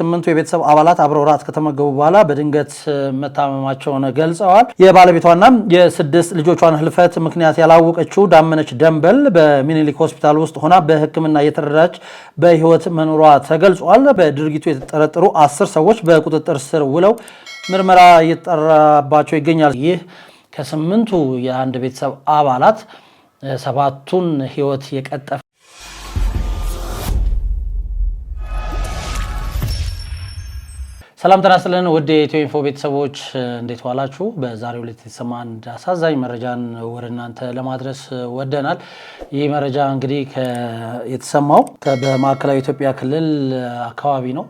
ስምንቱ የቤተሰብ አባላት አብረው ራት ከተመገቡ በኋላ በድንገት መታመማቸውን ገልጸዋል። የባለቤቷና የስድስት ልጆቿን ህልፈት ምክንያት ያላወቀችው ዳመነች ደንበል በሚኒሊክ ሆስፒታል ውስጥ ሆና በሕክምና እየተረዳች በህይወት መኖሯ ተገልጿል። በድርጊቱ የተጠረጠሩ አስር ሰዎች በቁጥጥር ስር ውለው ምርመራ እየተጠራባቸው ይገኛል። ይህ ከስምንቱ የአንድ ቤተሰብ አባላት ሰባቱን ህይወት የቀጠፈ ሰላም ጤና ይስጥልን ውድ የኢትዮ ኢንፎ ቤተሰቦች እንዴት ዋላችሁ? በዛሬው ዕለት የተሰማ አንድ አሳዛኝ መረጃን ወደ እናንተ ለማድረስ ወደናል። ይህ መረጃ እንግዲህ የተሰማው በማዕከላዊ ኢትዮጵያ ክልል አካባቢ ነው።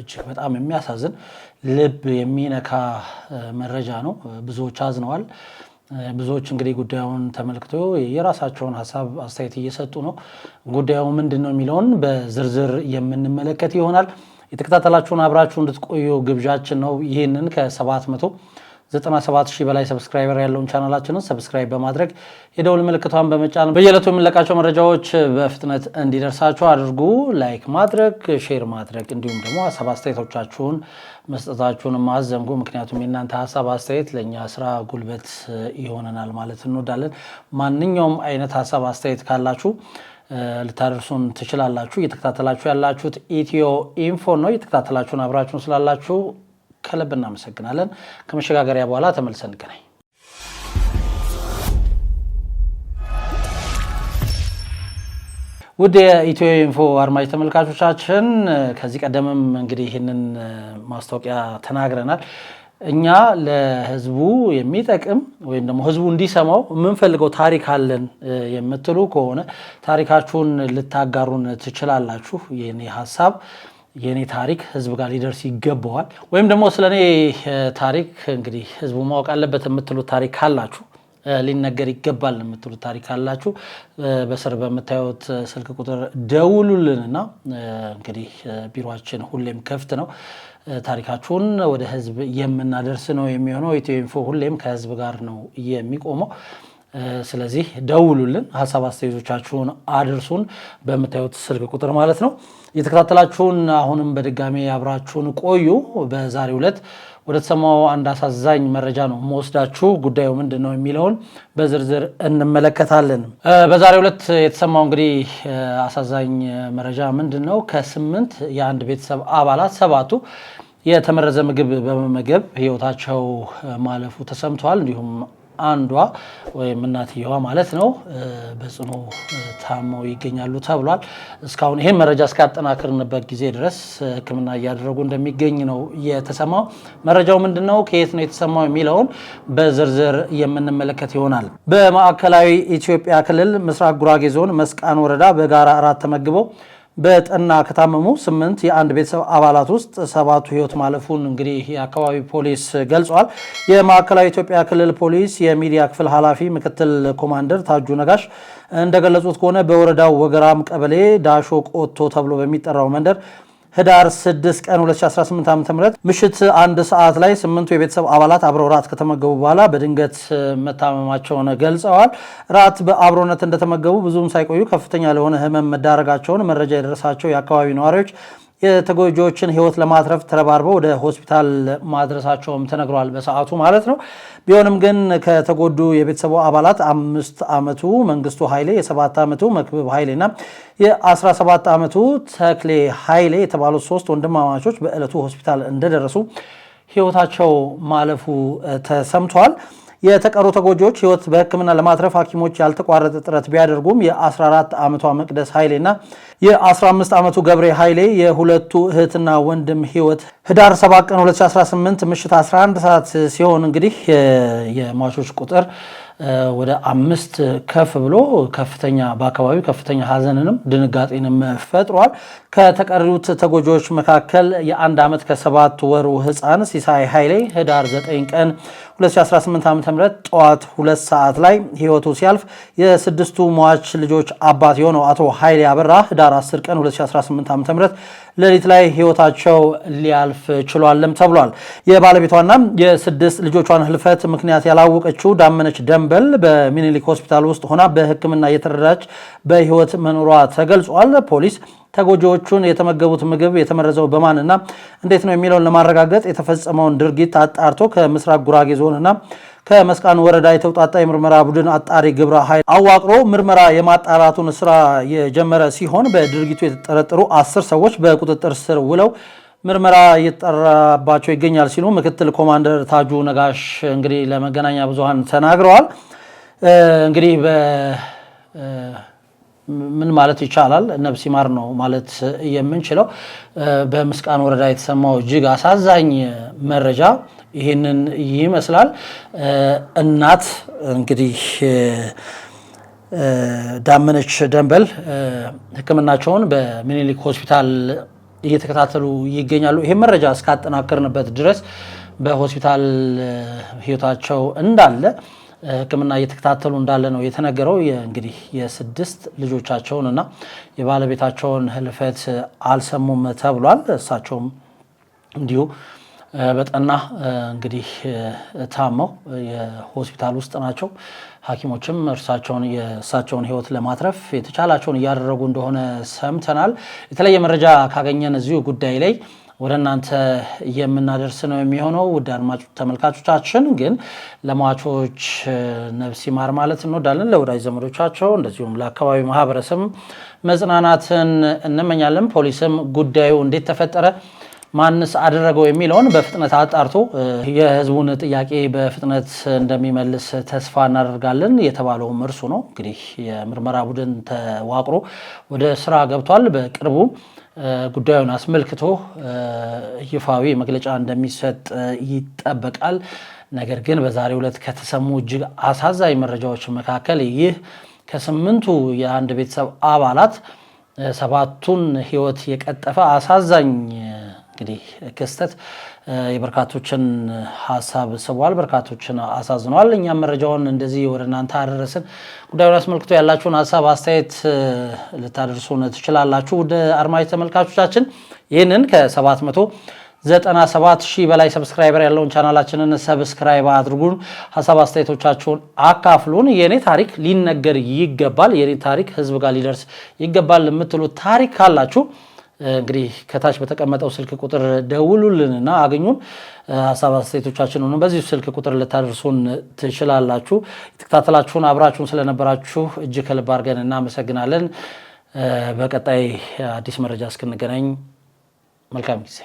እጅግ በጣም የሚያሳዝን ልብ የሚነካ መረጃ ነው። ብዙዎች አዝነዋል። ብዙዎች እንግዲህ ጉዳዩን ተመልክቶ የራሳቸውን ሀሳብ አስተያየት እየሰጡ ነው። ጉዳዩ ምንድን ነው የሚለውን በዝርዝር የምንመለከት ይሆናል። የተከታተላችሁን አብራችሁ እንድትቆዩ ግብዣችን ነው። ይህንን ከ797 ሺህ በላይ ሰብስክራይበር ያለውን ቻናላችንን ሰብስክራይብ በማድረግ የደውል ምልክቷን በመጫን በየዕለቱ የምንለቃቸው መረጃዎች በፍጥነት እንዲደርሳችሁ አድርጉ። ላይክ ማድረግ፣ ሼር ማድረግ እንዲሁም ደግሞ ሀሳብ አስተያየቶቻችሁን መስጠታችሁን ማዘንጉ። ምክንያቱም የእናንተ ሀሳብ አስተያየት ለእኛ ስራ ጉልበት ይሆነናል ማለት እንወዳለን። ማንኛውም አይነት ሀሳብ አስተያየት ካላችሁ ልታደርሱን ትችላላችሁ። እየተከታተላችሁ ያላችሁት ኢትዮ ኢንፎ ነው። እየተከታተላችሁን አብራችሁን ስላላችሁ ከልብ እናመሰግናለን። ከመሸጋገሪያ በኋላ ተመልሰን እንገናኝ። ውድ የኢትዮ ኢንፎ አድማጭ ተመልካቾቻችን ከዚህ ቀደምም እንግዲህ ይህንን ማስታወቂያ ተናግረናል። እኛ ለህዝቡ የሚጠቅም ወይም ደግሞ ህዝቡ እንዲሰማው የምንፈልገው ታሪክ አለን የምትሉ ከሆነ ታሪካችሁን ልታጋሩን ትችላላችሁ። የኔ ሀሳብ የኔ ታሪክ ህዝብ ጋር ሊደርስ ይገባዋል። ወይም ደግሞ ስለ እኔ ታሪክ እንግዲህ ህዝቡ ማወቅ አለበት የምትሉት ታሪክ አላችሁ ሊነገር ይገባል የምትሉት ታሪክ አላችሁ፣ በስር በምታዩት ስልክ ቁጥር ደውሉልንና እንግዲህ ቢሮችን ሁሌም ክፍት ነው። ታሪካችሁን ወደ ህዝብ የምናደርስ ነው የሚሆነው። ኢትዮ ኢንፎ ሁሌም ከህዝብ ጋር ነው የሚቆመው። ስለዚህ ደውሉልን፣ ሀሳብ አስተያየቶቻችሁን አድርሱን በምታዩት ስልክ ቁጥር ማለት ነው። እየተከታተላችሁን አሁንም በድጋሚ አብራችሁን ቆዩ። በዛሬው ዕለት ወደ ተሰማው አንድ አሳዛኝ መረጃ ነው መወስዳችሁ። ጉዳዩ ምንድን ነው የሚለውን በዝርዝር እንመለከታለን። በዛሬው ዕለት የተሰማው እንግዲህ አሳዛኝ መረጃ ምንድን ነው? ከስምንት የአንድ ቤተሰብ አባላት ሰባቱ የተመረዘ ምግብ በመመገብ ህይወታቸው ማለፉ ተሰምተዋል። እንዲሁም አንዷ ወይም እናትየዋ ማለት ነው በጽኑ ታመው ይገኛሉ ተብሏል። እስካሁን ይህን መረጃ እስካጠናክርንበት ጊዜ ድረስ ሕክምና እያደረጉ እንደሚገኝ ነው የተሰማው። መረጃው ምንድን ነው፣ ከየት ነው የተሰማው የሚለውን በዝርዝር የምንመለከት ይሆናል። በማዕከላዊ ኢትዮጵያ ክልል ምስራቅ ጉራጌ ዞን መስቃን ወረዳ በጋራ እራት ተመግበው በጠና ከታመሙ ስምንት የአንድ ቤተሰብ አባላት ውስጥ ሰባቱ ህይወት ማለፉን እንግዲህ የአካባቢ ፖሊስ ገልጿል። የማዕከላዊ ኢትዮጵያ ክልል ፖሊስ የሚዲያ ክፍል ኃላፊ ምክትል ኮማንደር ታጁ ነጋሽ እንደገለጹት ከሆነ በወረዳው ወገራም ቀበሌ ዳሾ ቆቶ ተብሎ በሚጠራው መንደር ህዳር 6 ቀን 2018 ዓ ም ምሽት አንድ ሰዓት ላይ ስምንቱ የቤተሰብ አባላት አብረው ራት ከተመገቡ በኋላ በድንገት መታመማቸውን ገልጸዋል። ራት በአብሮነት እንደተመገቡ ብዙም ሳይቆዩ ከፍተኛ ለሆነ ህመም መዳረጋቸውን መረጃ የደረሳቸው የአካባቢ ነዋሪዎች የተጎጂዎችን ህይወት ለማትረፍ ተረባርበው ወደ ሆስፒታል ማድረሳቸውም ተነግሯል። በሰዓቱ ማለት ነው። ቢሆንም ግን ከተጎዱ የቤተሰቡ አባላት አምስት ዓመቱ መንግስቱ ኃይሌ፣ የሰባት ዓመቱ መክብብ ኃይሌና የ17 ዓመቱ ተክሌ ኃይሌ የተባሉት ሶስት ወንድማማቾች በዕለቱ ሆስፒታል እንደደረሱ ህይወታቸው ማለፉ ተሰምቷል። የተቀሩ ተጎጂዎች ህይወት በህክምና ለማትረፍ ሐኪሞች ያልተቋረጠ ጥረት ቢያደርጉም የ14 ዓመቷ መቅደስ ኃይሌና የ15 ዓመቱ ገብሬ ኃይሌ የሁለቱ እህትና ወንድም ህይወት ህዳር 7 ቀን 2018 ምሽት 11 ሰዓት ሲሆን እንግዲህ የሟቾች ቁጥር ወደ አምስት ከፍ ብሎ ከፍተኛ በአካባቢው ከፍተኛ ሀዘንንም ድንጋጤንም ፈጥሯል። ከተቀሩት ተጎጂዎች መካከል የአንድ ዓመት ከሰባት ወሩ ህፃን ሲሳይ ኃይሌ ህዳር 9 ቀን 2018 ዓ ም ጠዋት ሁለት ሰዓት ላይ ህይወቱ ሲያልፍ የስድስቱ ሟች ልጆች አባት የሆነው አቶ ኃይሌ አበራ ህዳር 10 ቀን 2018 ዓ ም ሌሊት ላይ ህይወታቸው ሊያልፍ ችሏልም ተብሏል። የባለቤቷና የስድስት ልጆቿን ህልፈት ምክንያት ያላወቀችው ዳመነች ደንበል በሚኒሊክ ሆስፒታል ውስጥ ሆና በህክምና እየተረዳች በህይወት መኖሯ ተገልጿል። ፖሊስ ተጎጂዎቹን የተመገቡት ምግብ የተመረዘው በማንና እንዴት ነው የሚለውን ለማረጋገጥ የተፈጸመውን ድርጊት አጣርቶ ከምስራቅ ጉራጌ ዞንና ከመስቃን ወረዳ የተውጣጣ የምርመራ ቡድን አጣሪ ግብረ ኃይል አዋቅሮ ምርመራ የማጣራቱን ስራ የጀመረ ሲሆን በድርጊቱ የተጠረጠሩ አስር ሰዎች በቁጥጥር ስር ውለው ምርመራ እየተጠራባቸው ይገኛል ሲሉ ምክትል ኮማንደር ታጁ ነጋሽ እንግዲህ ለመገናኛ ብዙሃን ተናግረዋል። እንግዲህ ምን ማለት ይቻላል? ነፍስ ይማር ነው ማለት የምንችለው። በምስቃን ወረዳ የተሰማው እጅግ አሳዛኝ መረጃ ይህንን ይመስላል። እናት እንግዲህ ዳመነች ደንበል ሕክምናቸውን በሚኒሊክ ሆስፒታል እየተከታተሉ ይገኛሉ። ይህ መረጃ እስካጠናከርንበት ድረስ በሆስፒታል ህይወታቸው እንዳለ ሕክምና እየተከታተሉ እንዳለ ነው የተነገረው። እንግዲህ የስድስት ልጆቻቸውን እና የባለቤታቸውን ህልፈት አልሰሙም ተብሏል። እሳቸውም እንዲሁ በጠና እንግዲህ ታመው የሆስፒታል ውስጥ ናቸው። ሐኪሞችም እርሳቸውን የእሳቸውን ህይወት ለማትረፍ የተቻላቸውን እያደረጉ እንደሆነ ሰምተናል። የተለየ መረጃ ካገኘን እዚሁ ጉዳይ ላይ ወደ እናንተ የምናደርስ ነው የሚሆነው። ውድ አድማጭ ተመልካቾቻችን ግን ለሟቾች ነፍስ ይማር ማለት እንወዳለን። ለወዳጅ ዘመዶቻቸው እንደዚሁም ለአካባቢ ማህበረሰብ መጽናናትን እንመኛለን። ፖሊስም ጉዳዩ እንዴት ተፈጠረ፣ ማንስ አደረገው የሚለውን በፍጥነት አጣርቶ የህዝቡን ጥያቄ በፍጥነት እንደሚመልስ ተስፋ እናደርጋለን። የተባለውም እርሱ ነው። እንግዲህ የምርመራ ቡድን ተዋቅሮ ወደ ስራ ገብቷል። በቅርቡ ጉዳዩን አስመልክቶ ይፋዊ መግለጫ እንደሚሰጥ ይጠበቃል። ነገር ግን በዛሬው ዕለት ከተሰሙ እጅግ አሳዛኝ መረጃዎች መካከል ይህ ከስምንቱ የአንድ ቤተሰብ አባላት ሰባቱን ሕይወት የቀጠፈ አሳዛኝ እንግዲህ ክስተት የበርካቶችን ሀሳብ ስቧል፣ በርካቶችን አሳዝነዋል። እኛም መረጃውን እንደዚህ ወደ እናንተ አደረስን። ጉዳዩን አስመልክቶ ያላችሁን ሀሳብ አስተያየት ልታደርሱን ትችላላችሁ። ወደ አድማጭ ተመልካቾቻችን ይህንን ከሰባት መቶ ዘጠና ሰባት ሺህ በላይ ሰብስክራይበር ያለውን ቻናላችንን ሰብስክራይብ አድርጉን። ሀሳብ አስተያየቶቻችሁን አካፍሉን። የእኔ ታሪክ ሊነገር ይገባል፣ የእኔ ታሪክ ህዝብ ጋር ሊደርስ ይገባል የምትሉት ታሪክ ካላችሁ እንግዲህ ከታች በተቀመጠው ስልክ ቁጥር ደውሉልን ደውሉልንና አግኙን። ሀሳብ አስተያየቶቻችን ሆኑ በዚህ ስልክ ቁጥር ልታደርሱን ትችላላችሁ። የተከታተላችሁን አብራችሁን ስለነበራችሁ እጅ ከልብ አድርገን እናመሰግናለን። በቀጣይ አዲስ መረጃ እስክንገናኝ መልካም ጊዜ